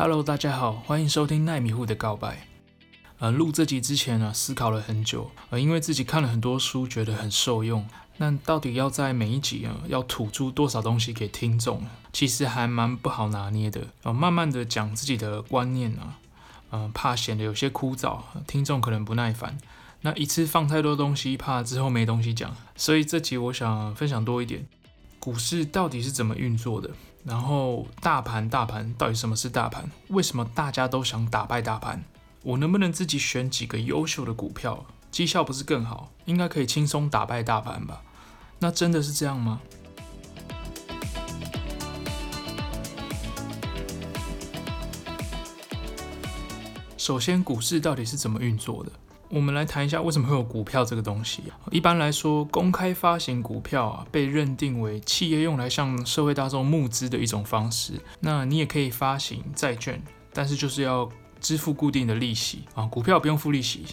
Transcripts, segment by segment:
Hello，大家好，歡迎收聽奈米戶的告白。呃，錄這集之前呢、啊，思考了很久。呃，因為自己看了很多書，覺得很受用。那到底要在每一集啊，要吐出多少東西給聽眾？其實還蠻不好拿捏的。呃，慢慢的講自己的觀念啊，嗯、呃，怕顯得有些枯燥，聽眾可能不耐煩。那一次放太多東西，怕之後沒東西講。所以這集我想分享多一點。股市到底是怎麼運作的？然後大盤，大盤到底什麼是大盤？為什麼大家都想打敗大盤？我能不能自己選幾個優秀的股票？績效不是更好，應該可以輕鬆打敗大盤吧？那真的是這樣嗎？首先，股市到底是怎麼運作的？我們來談一下為什麼會有股票這個東西。一般來說，公開發行股票啊，被認定為企業用來向社會大眾募資的一種方式。那你也可以發行債券，但是就是要支付固定的利息啊。股票不用付利息，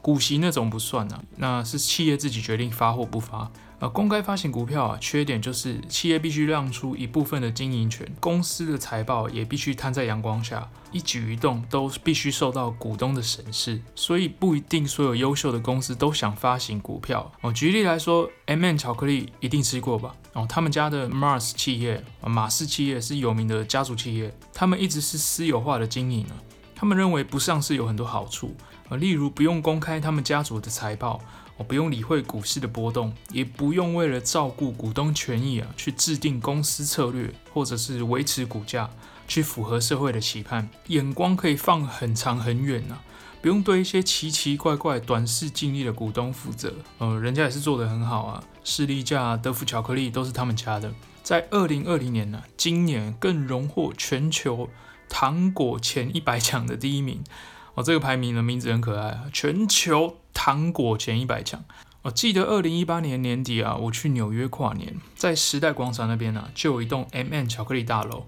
股息那種不算，啊，那是企業自己決定發或不發。公開發行股票啊，缺點就是企業必須讓出一部分的經營權，公司的財報也必須攤在陽光下，一舉一動都必須受到股東的審視，所以不一定所有優秀的公司都想發行股票哦。舉例來說，M&M 巧克力一定吃過吧？哦，他們家的 Mars 企業，馬氏企業是有名的家族企業，他們一直是私有化的經營啊，他們認為不上市有很多好處啊，例如不用公開他們家族的財報。我不用理會股市的波動，也不用為了照顧股東權益啊，去制定公司策略，或者是維持股價，去符合社會的期盼。眼光可以放很長很遠吶、啊，不用對一些奇奇怪怪、短視近利的股東負責。呃，人家也是做得很好啊，士力架、德芙巧克力都是他們家的。在二零二零年呢、啊，今年更榮獲全球糖果前一百強的第一名。哦，這個排名的名字很可愛啊，全球。糖果前一百強，我、oh, 記得二零一八年年底啊，我去紐約跨年，在時代廣場那邊呢、啊，就有一棟 M&M 巧克力大樓，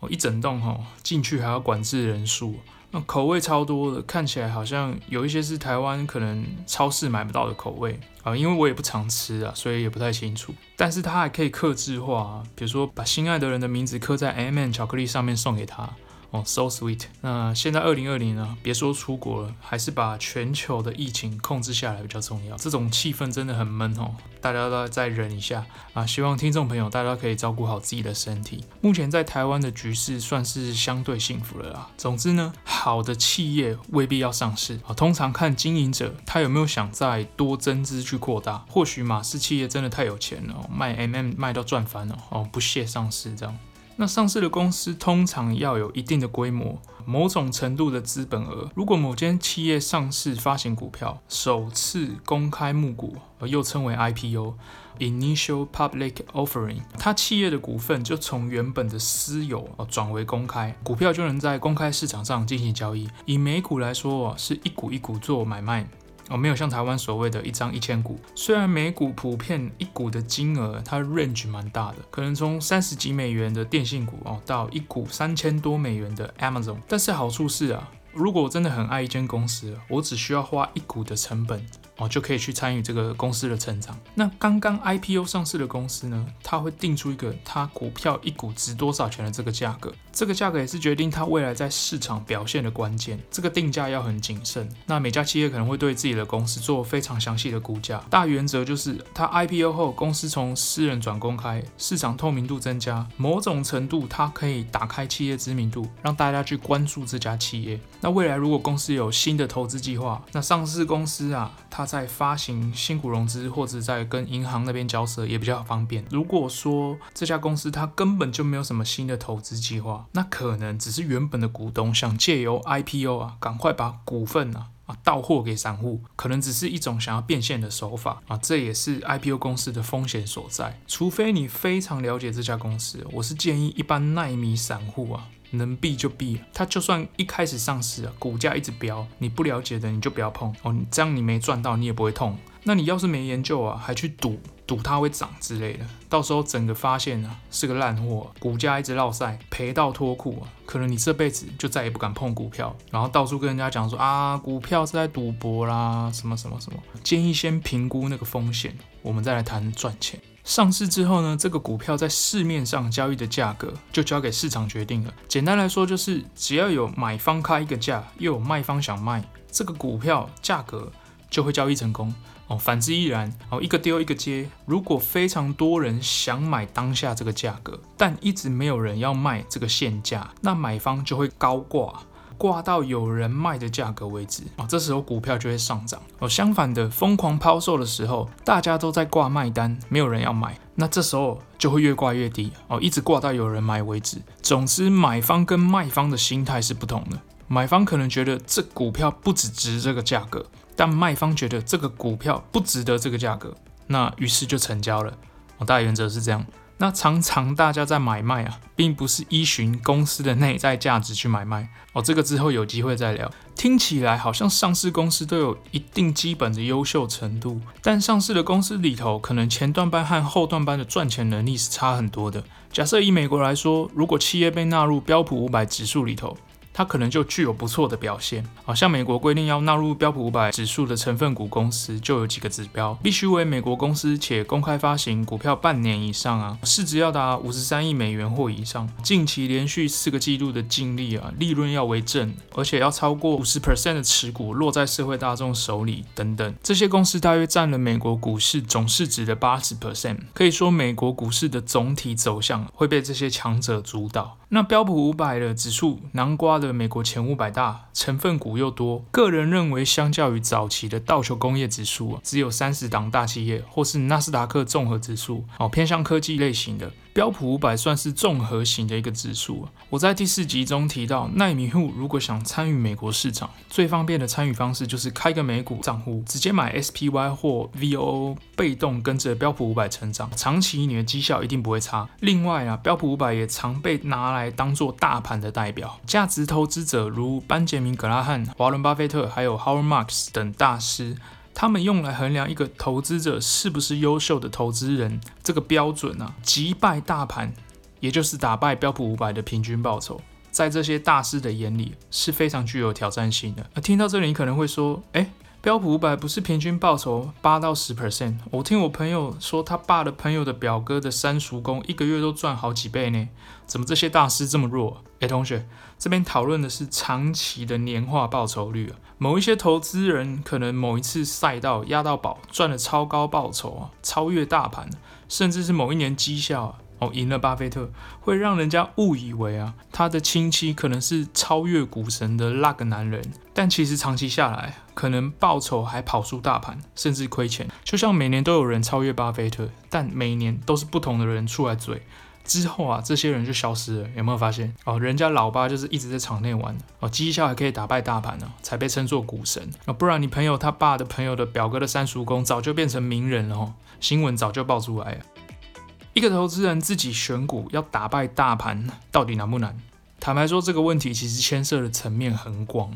哦、oh,，一整棟哈、喔，進去還要管制人數，那、oh, 口味超多的，看起來好像有一些是台灣可能超市買不到的口味啊，oh, 因為我也不常吃啊，所以也不太清楚，但是它還可以客製化、啊，比如說把心愛的人的名字刻在 M&M 巧克力上面送給他。.哦、oh,，so sweet。那現在二零二零呢？別說出國了，還是把全球的疫情控制下來比較重要。這種氣氛真的很悶哦，大家都要再忍一下啊！希望聽眾朋友，大家可以照顧好自己的身體。目前在台灣的局勢算是相對幸福了啦。總之呢，好的企業未必要上市啊。通常看經營者他有沒有想再多增資去擴大，或許馬氏企業真的太有錢了，賣 MM 賣到賺翻了，哦不屑上市這樣。那上市的公司通常要有一定的規模，某種程度的資本額。如果某間企業上市發行股票，首次公開募股，而又稱為 IPO (Initial Public Offering)，它企業的股份就從原本的私有啊轉為公開，股票就能在公開市場上進行交易。以美股來說，是一股一股做買賣，哦，沒有像台灣所謂的一張一千股。雖然美股普遍一股的金額，它 range 蠻大的，可能從三十幾美元的電信股哦，到一股三千多美元的 Amazon。但是好處是啊，如果我真的很愛一間公司，我只需要花一股的成本。哦，就可以去參與這個公司的成長。那剛剛 IPO 上市的公司呢，他會定出一個他股票一股值多少錢的這個價格，這個價格也是決定他未來在市場表現的關鍵。這個定價要很謹慎。那每家企業可能會對自己的公司做非常詳細的估價，大原則就是，它 IPO 後公司從私人轉公開，市場透明度增加，某種程度它可以打開企業知名度，讓大家去關注這家企業。那未來如果公司有新的投資計劃，那上市公司啊，它在發行新股融資，或者在跟銀行那邊交涉也比較方便。如果說這家公司它根本就沒有什麼新的投資計劃，那可能只是原本的股東想借由 IPO 啊，趕快把股份啊到貨給散戶，可能只是一種想要變現的手法啊。這也是 IPO 公司的風險所在。除非你非常了解這家公司，我是建議一般奈米散戶啊。能避就避啊，它就算一開始上市啊，股價一直飆，你不了解的你就不要碰哦。你這樣你沒賺到，你也不會痛。那你要是沒研究啊，還去賭賭它會漲之類的，到時候整個發現啊，是個爛貨啊，股價一直落賽，賠到脫褲啊，可能你這輩子就再也不敢碰股票，然後到處跟人家講說啊，股票是在賭博啦，什麼什麼什麼。建議先評估那個風險，我們再來談賺錢。上市之後呢，這個股票在市面上交易的價格就交給市場決定了。簡單來說，就是只要有買方開一個價，又有賣方想賣，這個股票價格就會交易成功。哦，反之亦然。哦，一個丟一個接。如果非常多人想買當下這個價格，但一直沒有人要賣這個現價，那買方就會高掛。掛到有人賣的價格為止啊，哦，這時候股票就會上漲哦。相反的，瘋狂拋售的時候，大家都在掛賣單，沒有人要買，那這時候就會越掛越低哦，一直掛到有人買為止。總之，買方跟賣方的心態是不同的，買方可能覺得這股票不只值這個價格，但賣方覺得這個股票不值得這個價格，那於是就成交了。我，哦，大原則是這樣。那常常大家在買賣啊，並不是依循公司的內在價值去買賣哦。這個之後有機會再聊。聽起來好像上市公司都有一定基本的優秀程度，但上市的公司裡頭，可能前段班和後段班的賺錢能力是差很多的。假設以美國來說，如果企業被納入標普五百指數裡頭，它可能就具有不錯的表現。好，像美國規定要納入標普五百指數的成分股公司就有幾個指標：必須為美國公司且公開發行股票半年以上啊，市值要達五十三億美元或以上，近期連續四個季度的淨利啊，利潤要為正，而且要超過五十 percent 的持股落在社會大眾手裡等等。這些公司大約占了美國股市總市值的八十 percent，可以說美國股市的總體走向會被這些強者主導。那標普五百的指數，南瓜的。美國前五百大成分股又多，個人認為相較於早期的道瓊工業指數，只有三十檔大企業，或是納斯達克綜合指數，哦，偏向科技類型的。標普五百算是綜合型的一個指數。我在第四集中提到，奈米戶如果想參與美國市場，最方便的參與方式就是開個美股賬戶，直接買 SPY 或 VOO，被動跟着標普五百成長，長期你的績效一定不會差。另外啊，標普五百也常被拿來當作大盤的代表，價值投資者如班傑明格拉漢、華倫巴菲特，還有 Howard Marks 等大師。他們用來衡量一個投資者是不是優秀的投資人這個標準啊，擊敗大盤，也就是打敗標普五百的平均報酬，在這些大師的眼裡是非常具有挑戰性的。而、啊、聽到這裡，你可能會說，哎、欸。標普五百不是平均報酬八到十 percent。我聽我朋友說，他爸的朋友的表哥的三叔公一個月都賺好幾倍呢。怎麼這些大師這麼弱？哎，同學，這邊討論的是長期的年化報酬率啊。某一些投資人可能某一次賽道壓到寶，賺了超高報酬啊，超越大盤，甚至是某一年績效啊。哦，贏了巴菲特，會讓人家誤以為啊，他的親戚可能是超越股神的那個男人，但其實長期下來，可能報酬還跑輸大盤，甚至虧錢。就像每年都有人超越巴菲特，但每年都是不同的人出來嘴。之後啊，這些人就消失了。有沒有發現？哦，人家老爸就是一直在場內玩，哦，績效還可以打敗大盤呢，哦，才被稱作股神，哦。不然你朋友他爸的朋友的表哥的三叔公早就變成名人了，哦，新聞早就爆出來了。一個投資人自己選股要打敗大盤，到底難不難？坦白說，這個問題其實牽涉的層面很廣。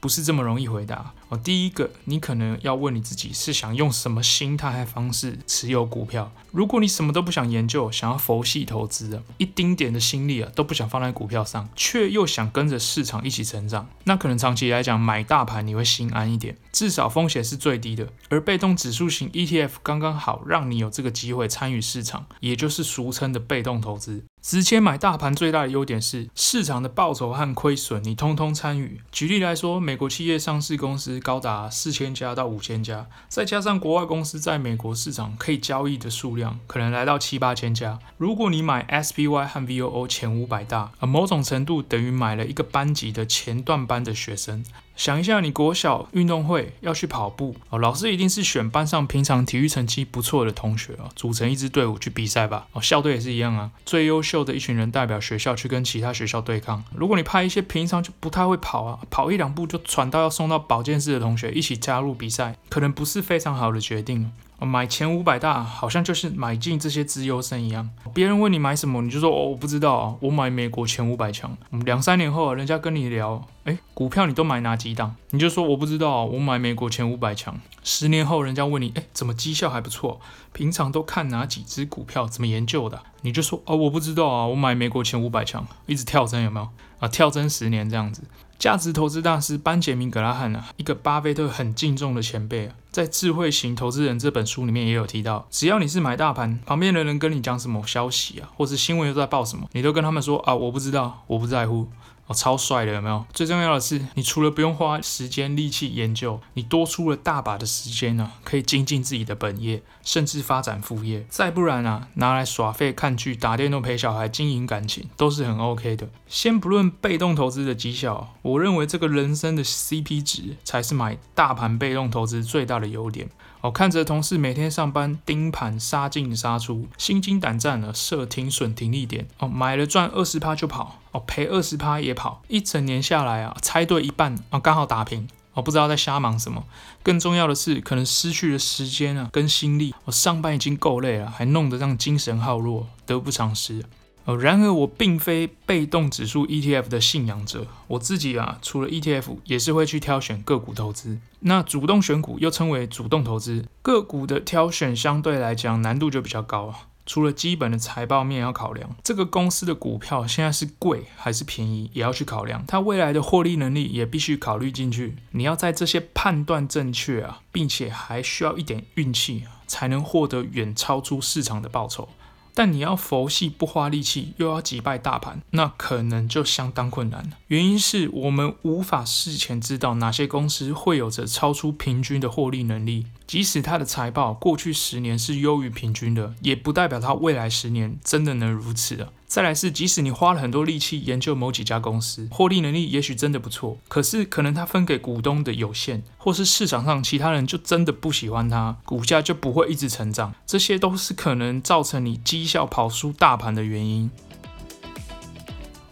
不是這麼容易回答哦。第一個，你可能要問你自己是想用什麼心態和方式持有股票。如果你什麼都不想研究，想要佛系投資啊，一丁點的心力啊都不想放在股票上，卻又想跟着市場一起成長，那可能長期來講，買大盤你會心安一點，至少風險是最低的。而被動指數型 ETF 剛剛好讓你有這個機會參與市場，也就是俗稱的被動投資。直接買大盤最大的優點是，市場的報酬和虧損你通通參與。舉例來說，美國企業上市公司高達四千家到五千家，再加上國外公司在美國市場可以交易的數量，可能來到七八千家。如果你買 SPY 和 VOO 前五百大，而某種程度等於買了一個班級的前段班的學生。想一下，你國小運動會要去跑步哦，老師一定是選班上平常體育成績不錯的同學哦，組成一支隊伍去比賽吧。哦，校隊也是一樣啊，最優秀的一群人代表學校去跟其他學校對抗。如果你派一些平常就不太會跑啊，跑一兩步就喘到要送到保健室的同學一起加入比賽，可能不是非常好的決定。買前五百大，好像就是買進這些資優生一樣。別人問你買什麼，你就說哦，我不知道啊，我買美國前五百強。兩三年後，人家跟你聊，欸，股票你都買哪幾檔？你就說，我不知道啊，我買美國前五百強。十年後，人家問你，欸，怎麼績效還不錯？平常都看哪幾只股票？怎麼研究的啊？你就說哦，我不知道啊，我買美國前五百強，一直跳針有沒有？啊，跳針十年這樣子。價值投資大師班傑明·格拉漢啊，一個巴菲特很敬重的前輩啊，在《智慧型投資人》這本書裡面也有提到，只要你是買大盤，旁邊的人跟你講什麼消息啊，或是新聞又在報什麼，你都跟他們說啊，我不知道，我不在乎，我、哦、超帥的，有沒有？最重要的是，你除了不用花時間、力氣研究，你多出了大把的時間呢、啊，可以精進自己的本業，甚至發展副業，再不然啊，拿來耍廢、看劇、打電動、陪小孩、經營感情，都是很 OK 的。先不論被動投資的績效、啊。我認為這個人生的 CP 值，才是買大盤被動投資最大的優點哦。看着同事每天上班盯盤殺進殺出，心驚膽戰的、啊、設停損停利點哦，買了賺二十趴就跑哦，賠二十趴也跑。一整年下來啊，猜對一半啊，剛、哦、好打平我、哦、不知道在瞎忙什麼。更重要的是，可能失去了時間啊跟心力。我、哦、上班已經夠累了，還弄得讓精神耗弱，得不償失。然而我並非被動指數 ETF 的信仰者，我自己啊，除了 ETF，也是會去挑選個股投資。那主動選股又稱為主動投資，個股的挑選相對來講難度就比較高啊。除了基本的財報面要考量，這個公司的股票現在是貴還是便宜，也要去考量，它未來的獲利能力也必須考慮進去。你要在這些判斷正確啊，並且還需要一點運氣，才能獲得遠超出市場的報酬。但你要佛系不花力氣，又要擊敗大盤，那可能就相當困難了。原因是我們無法事前知道哪些公司會有着超出平均的獲利能力，即使它的財報過去十年是優於平均的，也不代表它未來十年真的能如此的。再來是，即使你花了很多力氣研究某幾家公司，獲利能力也許真的不錯，可是可能它分給股東的有限，或是市場上其他人就真的不喜歡它，股價就不會一直成長，這些都是可能造成你績效跑輸大盤的原因。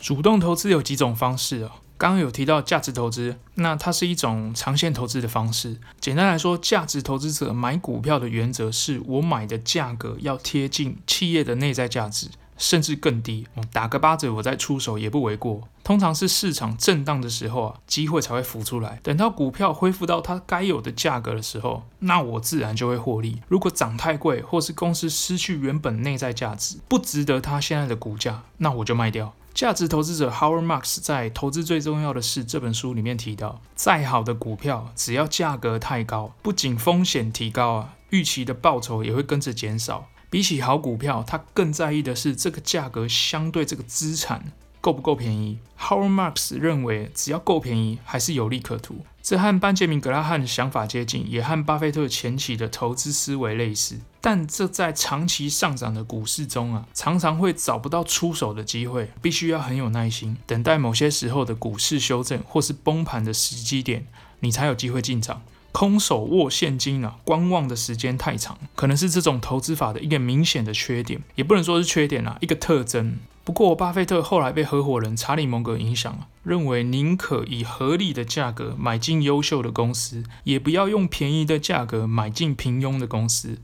主動投資有幾種方式哦，剛剛有提到價值投資，那它是一種長線投資的方式。簡單來說，價值投資者買股票的原則是我買的價格要貼近企業的內在價值。甚至更低，嗯、打個八折，我再出手也不為過。通常是市場震盪的時候啊，機會才會浮出來。等到股票恢復到它該有的價格的時候，那我自然就會獲利。如果漲太貴，或是公司失去原本內在價值，不值得它現在的股價，那我就賣掉。價值投資者 Howard Marks 在《投資最重要的事》這本書裡面提到，再好的股票，只要價格太高，不僅風險提高啊，預期的報酬也會跟着減少。比起好股票，他更在意的是這個價格相對這個資產夠不夠便宜。Howard Marks 認為，只要夠便宜，還是有利可圖。這和班傑明·格拉漢的想法接近，也和巴菲特前期的投資思維類似。但這在長期上漲的股市中啊，常常會找不到出手的機會，必須要很有耐心，等待某些時候的股市修正或是崩盤的時機點，你才有機會進場。空手握現金啊，觀望的時間太長，可能是這種投資法的一個明顯的缺點，也不能說是缺點啦、啊，一個特徵。不過，巴菲特後來被合夥人查理蒙格影響，認為寧可以合理的價格買進優秀的公司，也不要用便宜的價格買進平庸的公司。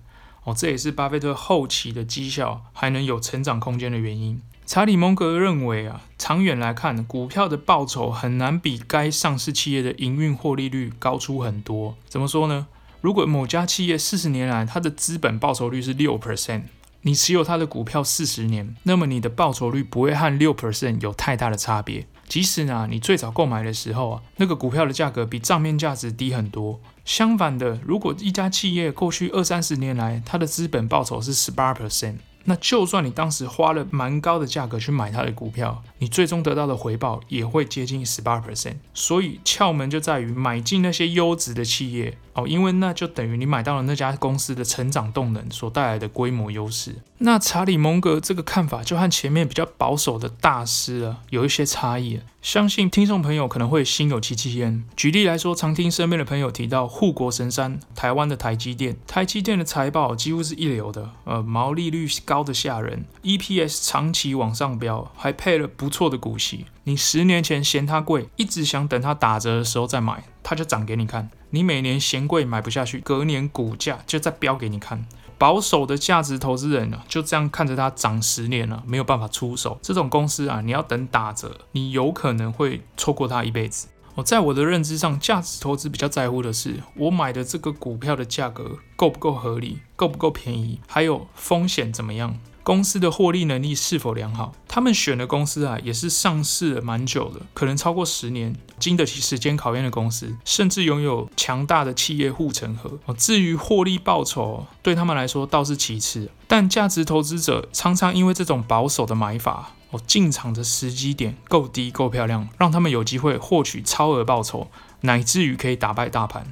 哦，這也是巴菲特後期的績效還能有成長空間的原因。查理·蒙格認為啊，長遠來看，股票的報酬很難比該上市企業的營運獲利率高出很多。怎麼說呢？如果某家企業四十年來它的資本報酬率是六 percent，你持有它的股票四十年，那麼你的報酬率不會和六 percent 有太大的差別。即使呢，你最早購買的時候啊，那個股票的價格比賬面價值低很多。相反的，如果一家企業過去二三十年來它的資本報酬是十八 percent。那就算你當時花了蠻高的價格去買它的股票，你最終得到的回報也會接近十八 percent。所以竅門就在於買進那些優質的企業。哦，因為那就等於你買到了那家公司的成長動能所帶來的規模優勢。那查理蒙格這個看法就和前面比較保守的大師啊有一些差異。相信聽眾朋友可能會心有戚戚焉。舉例來說，常聽身邊的朋友提到護國神山台灣的台積電，台積電的財報幾乎是一流的，呃，毛利率高的嚇人，EPS 長期往上飆，還配了不錯的股息。你十年前嫌它貴，一直想等它打折的時候再買，它就漲給你看。你每年嫌貴買不下去，隔年股價就再飆給你看。保守的價值投資人呢、啊，就這樣看着它漲十年了、啊，沒有辦法出手。這種公司啊，你要等打折，你有可能會錯過它一輩子。我在我的認知上，價值投資比較在乎的是，我買的這個股票的價格夠不夠合理，夠不夠便宜，還有風險怎麼樣，公司的獲利能力是否良好？他們選的公司啊，也是上市蠻久了，可能超過十年，經得起時間考驗的公司，甚至擁有強大的企業護城河。至於獲利報酬，對他們來說倒是其次。但價值投資者常常因為這種保守的買法，哦，進場的時機點夠低、夠漂亮，讓他們有機會獲取超額報酬，乃至於可以打敗大盤。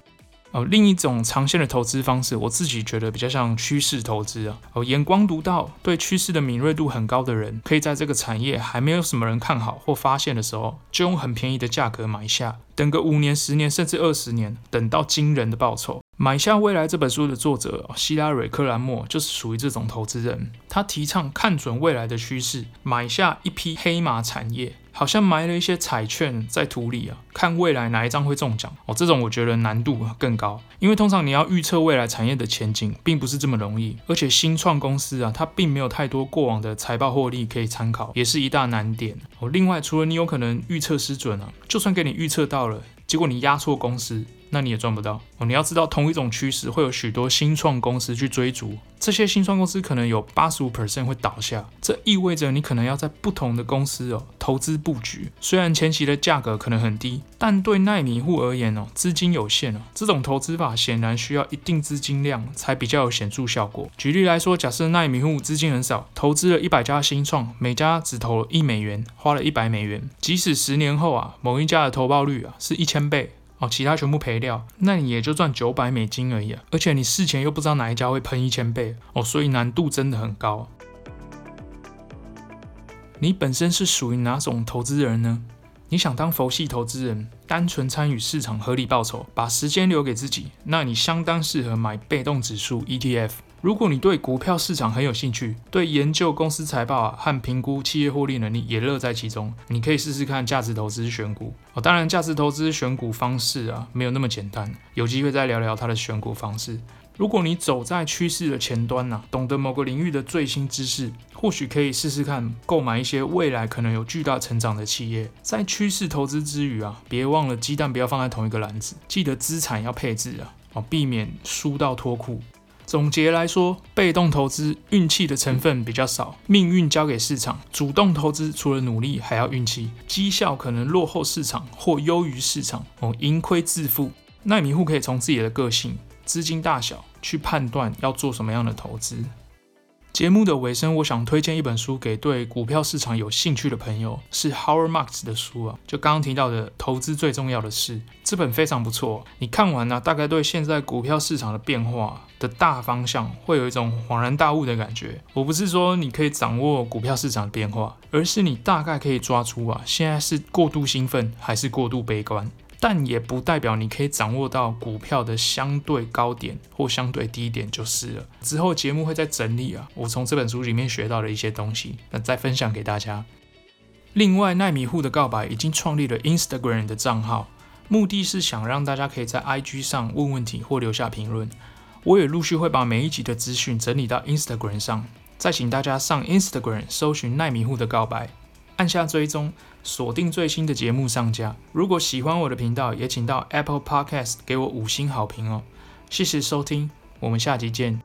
哦，另一種長線的投資方式，我自己覺得比較像趨勢投資啊。哦，眼光獨到、對趨勢的敏銳度很高的人，可以在這個產業還沒有什麼人看好或發現的時候，就用很便宜的價格買下，等個五年、十年甚至二十年，等到驚人的報酬。買下未來這本書的作者希拉瑞·克蘭默就是屬於這種投資人。他提倡看準未來的趨勢，買下一批黑馬產業，好像埋了一些彩券在土裡啊，看未來哪一張會中獎哦。這種我覺得難度更高，因為通常你要預測未來產業的前景，並不是這麼容易。而且新創公司啊，它並沒有太多過往的財報獲利可以參考，也是一大難點哦。另外，除了你有可能預測失準啊，就算給你預測到了，結果你押錯公司。那你也賺不到哦。你要知道，同一種趨勢會有許多新創公司去追逐，這些新創公司可能有八十五 percent 會倒下。這意味着你可能要在不同的公司哦投資布局。雖然前期的價格可能很低，但對奈米戶而言哦，資金有限哦，這種投資法顯然需要一定資金量才比較有顯著效果。舉例來說，假設奈米戶資金很少，投資了一百家新創，每家只投了一美元，花了一百美元。即使十年後啊，某一家的投報率啊是一千倍。哦，其他全部賠掉，那你也就賺九百美金而已啊，而且你事前又不知道哪一家會噴一千倍哦，所以難度真的很高。你本身是屬於哪種投資人呢？你想當佛系投資人，單純參與市場合理報酬，把時間留給自己，那你相當適合買被動指數 ETF。如果你對股票市場很有興趣，對研究公司財報啊，和評估企業獲利能力也樂在其中，你可以試試看價值投資選股哦。當然，價值投資選股方式啊，沒有那麼簡單，有機會再聊聊它的選股方式。如果你走在趨勢的前端呢啊，懂得某個領域的最新知識，或許可以試試看購買一些未來可能有巨大成長的企業。在趨勢投資之餘啊，別忘了雞蛋不要放在同一個籃子，記得資產要配置啊，哦，避免輸到脫褲。總結來說，被動投資運氣的成分比較少，命運交給市場；主動投資除了努力，還要運氣，績效可能落後市場或優於市場。哦，盈虧自負，奈米戶可以從自己的個性、資金大小去判斷要做什麼樣的投資。節目的尾聲，我想推薦一本書給對股票市場有興趣的朋友，是 Howard Marks 的書啊。就剛剛提到的投資最重要的事，這本非常不錯。你看完了，啊，大概對現在股票市場的變化、啊、的大方向會有一種恍然大悟的感覺。我不是說你可以掌握股票市場的變化，而是你大概可以抓出啊，現在是過度興奮還是過度悲觀。但也不代表你可以掌握到股票的相對高點或相對低點就是了。之後節目會再整理啊，我從這本書裡面學到的一些東西，那再分享給大家。另外，奈米戶的告白已經創立了 Instagram 的賬號，目的是想讓大家可以在 IG 上問問題或留下評論。我也陸續會把每一集的資訊整理到 Instagram 上，再請大家上 Instagram 搜尋奈米戶的告白。按下追蹤，鎖定最新的節目上架。如果喜歡我的頻道，也請到 Apple Podcast 給我五星好評哦。謝謝收聽，我們下集見。